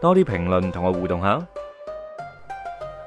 多啲評論同我互動下。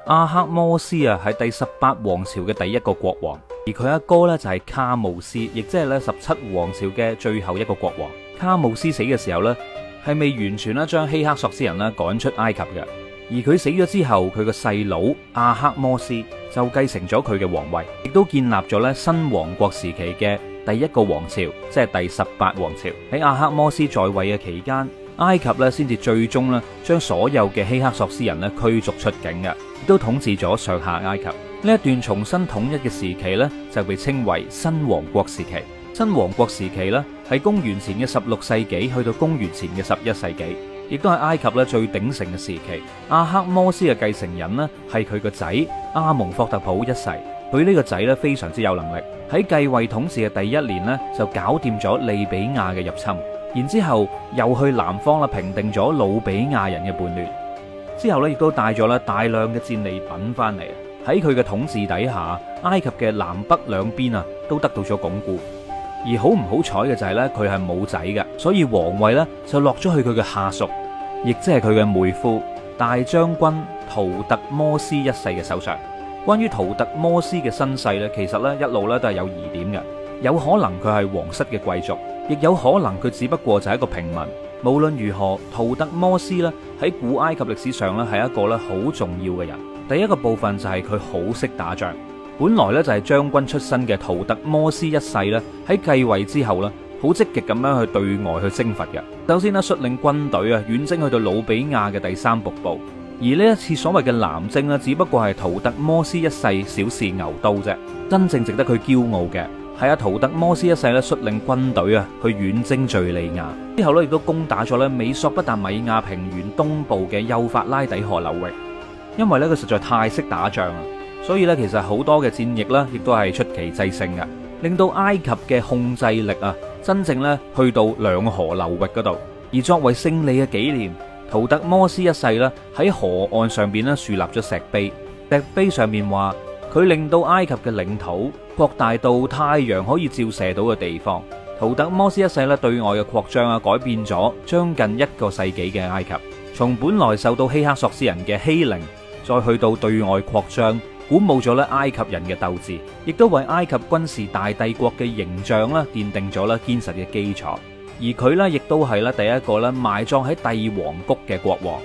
阿克摩斯啊，係第十八王朝嘅第一個國王，而佢阿哥呢就係卡姆斯，亦即係咧十七王朝嘅最後一個國王。卡姆斯死嘅時候呢，係未完全咧將希克索斯人啦趕出埃及嘅。而佢死咗之後，佢個細佬阿克摩斯就繼承咗佢嘅皇位，亦都建立咗咧新王國時期嘅第一個王朝，即係第十八王朝。喺阿克摩斯在位嘅期間。埃及咧，先至最終咧，將所有嘅希克索斯人咧驅逐出境嘅，亦都統治咗上下埃及。呢一段重新統一嘅時期咧，就被稱為新王國時期。新王國時期咧，係公元前嘅十六世紀去到公元前嘅十一世紀，亦都係埃及咧最鼎盛嘅時期。阿克摩斯嘅繼承人咧，係佢個仔阿蒙霍特普一世。佢呢個仔咧非常之有能力，喺繼位統治嘅第一年咧，就搞掂咗利比亞嘅入侵。然之後又去南方啦，平定咗努比亞人嘅叛亂。之後咧，亦都帶咗啦大量嘅戰利品翻嚟，喺佢嘅統治底下，埃及嘅南北兩邊啊，都得到咗鞏固。而好唔好彩嘅就係咧，佢係冇仔嘅，所以王位咧就落咗去佢嘅下屬，亦即係佢嘅妹夫大將軍圖特摩斯一世嘅手上。關於圖特摩斯嘅身世咧，其實咧一路咧都係有疑點嘅，有可能佢係皇室嘅貴族。亦有可能佢只不過就係一個平民。無論如何，圖特摩斯咧喺古埃及歷史上咧係一個咧好重要嘅人。第一個部分就係佢好識打仗，本來咧就係將軍出身嘅圖特摩斯一世咧喺繼位之後咧好積極咁樣去對外去征伐嘅。首先啊，率領軍隊啊遠征去到努比亞嘅第三瀑布。而呢一次所謂嘅南征啊，只不過係圖特摩斯一世小試牛刀啫。真正值得佢驕傲嘅。係啊圖特摩斯一世咧率領軍隊啊去遠征敘利亞之後咧，亦都攻打咗咧美索不達米亞平原東部嘅幼發拉底河流域。因為咧佢實在太識打仗啊，所以咧其實好多嘅戰役咧亦都係出奇制勝嘅，令到埃及嘅控制力啊真正咧去到兩河流域嗰度。而作為勝利嘅紀念，圖特摩斯一世咧喺河岸上邊咧樹立咗石碑，石碑上面話佢令到埃及嘅領土。擴大到太陽可以照射到嘅地方。圖特摩斯一世咧對外嘅擴張啊，改變咗將近一個世紀嘅埃及。從本來受到希克索斯人嘅欺凌，再去到對外擴張，鼓舞咗咧埃及人嘅鬥志，亦都為埃及軍事大帝國嘅形象咧奠定咗咧堅實嘅基礎。而佢咧亦都係咧第一個咧埋葬喺帝王谷嘅國王。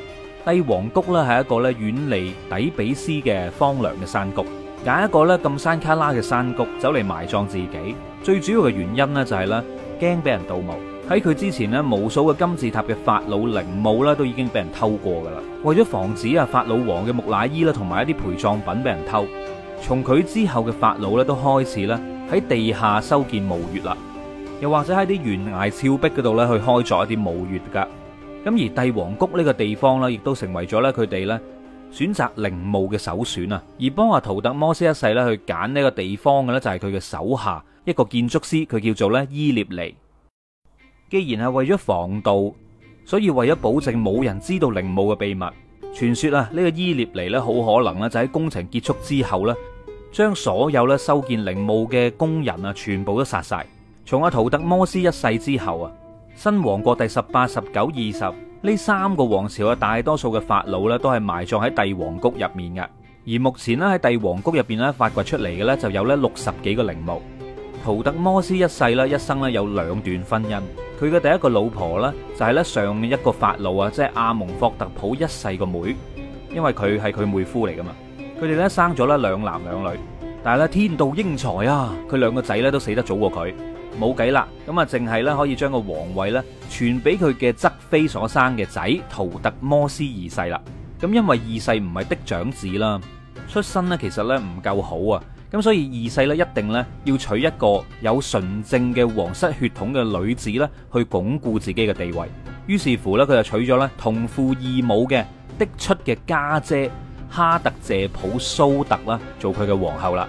帝王谷咧係一個咧遠離底比斯嘅荒涼嘅山谷。揀一個咧咁山卡拉嘅山谷走嚟埋葬自己，最主要嘅原因呢，就係咧驚俾人盜墓。喺佢之前咧，無數嘅金字塔嘅法老陵墓呢，都已經俾人偷過噶啦。為咗防止啊法老王嘅木乃伊啦同埋一啲陪葬品俾人偷，從佢之後嘅法老呢，都開始咧喺地下修建墓穴啦，又或者喺啲懸崖峭壁嗰度咧去開咗一啲墓穴噶。咁而帝王谷呢個地方呢，亦都成為咗咧佢哋咧。選擇陵墓嘅首選啊，而幫阿圖特摩斯一世咧去揀呢一個地方嘅咧就係佢嘅手下一個建築師，佢叫做咧伊涅尼。既然係為咗防盜，所以為咗保證冇人知道陵墓嘅秘密，傳說啊呢個伊涅尼咧好可能啦就喺工程結束之後呢，將所有咧修建陵墓嘅工人啊全部都殺晒。從阿圖特摩斯一世之後啊，新王國第十八、十九、二十。呢三個王朝嘅大多數嘅法老咧，都係埋葬喺帝王谷入面嘅。而目前咧喺帝王谷入邊咧發掘出嚟嘅咧，就有咧六十幾個陵墓。圖特摩斯一世咧，一生咧有兩段婚姻。佢嘅第一個老婆咧，就係咧上面一個法老啊，即係阿蒙霍特普一世個妹，因為佢係佢妹夫嚟噶嘛。佢哋咧生咗咧兩男兩女。但係咧，天妒英才啊！佢兩個仔咧都死得早過佢，冇計啦。咁啊，淨係咧可以將個皇位咧傳俾佢嘅側妃所生嘅仔圖特摩斯二世啦。咁因為二世唔係嫡長子啦，出身咧其實咧唔夠好啊。咁所以二世咧一定咧要娶一個有純正嘅皇室血統嘅女子咧去鞏固自己嘅地位。於是乎咧，佢就娶咗咧同父異母嘅嫡出嘅家姐，姐。哈特謝普蘇特啦，做佢嘅皇后啦。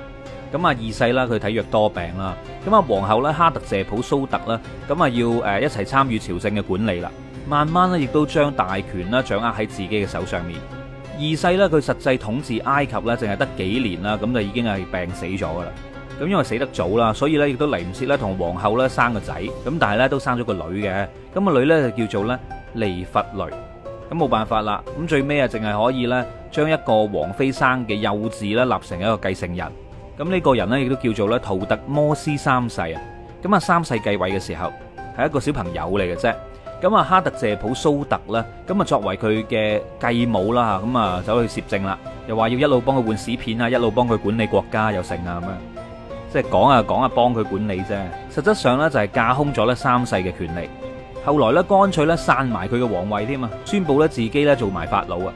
咁啊，二世啦，佢體弱多病啦。咁啊，皇后咧，哈特謝普蘇特咧，咁啊，要誒一齊參與朝政嘅管理啦。慢慢咧，亦都將大權咧掌握喺自己嘅手上面。二世咧，佢實際統治埃及咧，淨係得幾年啦，咁就已經係病死咗噶啦。咁因為死得早啦，所以咧亦都嚟唔切咧同皇后咧生個仔咁，但係咧都生咗個女嘅，咁個女咧就叫做咧利弗雷，咁冇辦法啦。咁最尾啊，淨係可以咧。將一個王妃生嘅幼子咧立成一個繼承人，咁、這、呢個人呢，亦都叫做咧圖特摩斯三世啊。咁啊，三世繼位嘅時候係一個小朋友嚟嘅啫。咁啊，哈特謝普蘇特咧，咁啊作為佢嘅繼母啦吓，咁啊走去攝政啦，又話要一路幫佢換屎片啊，一路幫佢管理國家又成啊咁樣，即係講啊講啊幫佢管理啫。實質上呢，就係架空咗咧三世嘅權力。後來呢，乾脆呢，散埋佢嘅皇位添啊，宣佈呢自己呢做埋法老啊。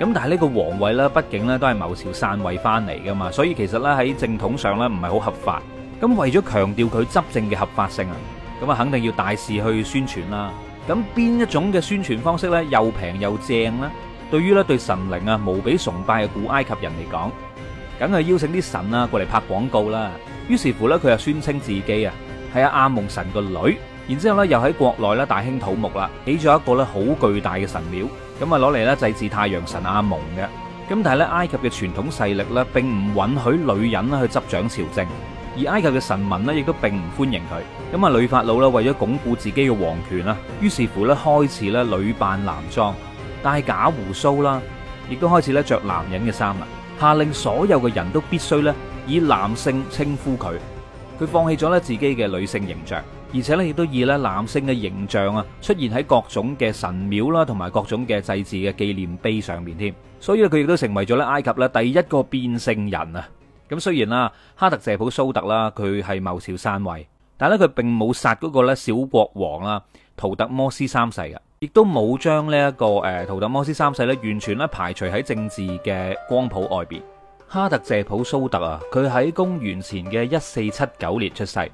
咁但係呢個皇位咧，畢竟咧都係謀朝篡位翻嚟噶嘛，所以其實咧喺正統上咧唔係好合法。咁為咗強調佢執政嘅合法性啊，咁啊肯定要大肆去宣傳啦。咁邊一種嘅宣傳方式咧又平又正咧？對於咧對神靈啊無比崇拜嘅古埃及人嚟講，梗係邀請啲神啊過嚟拍廣告啦。於是乎咧，佢又宣稱自己啊係阿阿蒙神個女，然之後咧又喺國內咧大興土木啦，起咗一個咧好巨大嘅神廟。咁啊，攞嚟咧祭祀太陽神阿蒙嘅。咁但係咧，埃及嘅傳統勢力咧，並唔允許女人咧去執掌朝政，而埃及嘅臣民咧，亦都並唔歡迎佢。咁啊，女法老啦，為咗鞏固自己嘅皇權啦，於是乎咧，開始咧女扮男裝，戴假鬍鬚啦，亦都開始咧着男人嘅衫啦，下令所有嘅人都必須咧以男性稱呼佢，佢放棄咗咧自己嘅女性形象。而且咧，亦都以咧男性嘅形象啊，出現喺各種嘅神廟啦，同埋各種嘅祭祀嘅紀念碑上面添。所以佢亦都成為咗咧埃及咧第一個變性人啊！咁雖然啦，哈特謝普蘇特啦，佢係謀朝篡位，但係咧佢並冇殺嗰個咧小國王啊，圖特摩斯三世啊，亦都冇將呢一個誒圖特摩斯三世咧完全咧排除喺政治嘅光譜外邊。哈特謝普蘇特啊，佢喺公元前嘅一四七九年出世。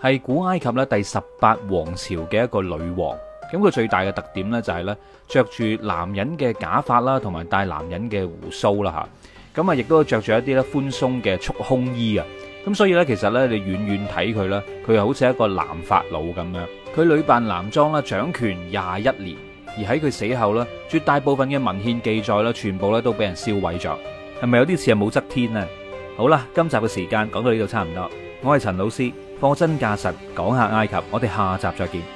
係古埃及咧，第十八王朝嘅一個女王，咁佢最大嘅特點呢就係呢，着住男人嘅假髮啦，同埋戴男人嘅鬍鬚啦，吓咁啊，亦都着住一啲咧寬鬆嘅束胸衣啊，咁所以呢，其實呢，你遠遠睇佢咧，佢又好似一個男法老咁樣。佢女扮男裝啦，掌權廿一年，而喺佢死後呢，絕大部分嘅文獻記載呢，全部呢都俾人燒毀咗，係咪有啲似啊武則天呢？好啦，今集嘅時間講到呢度差唔多，我係陳老師。貨真價實，講下埃及，我哋下集再見。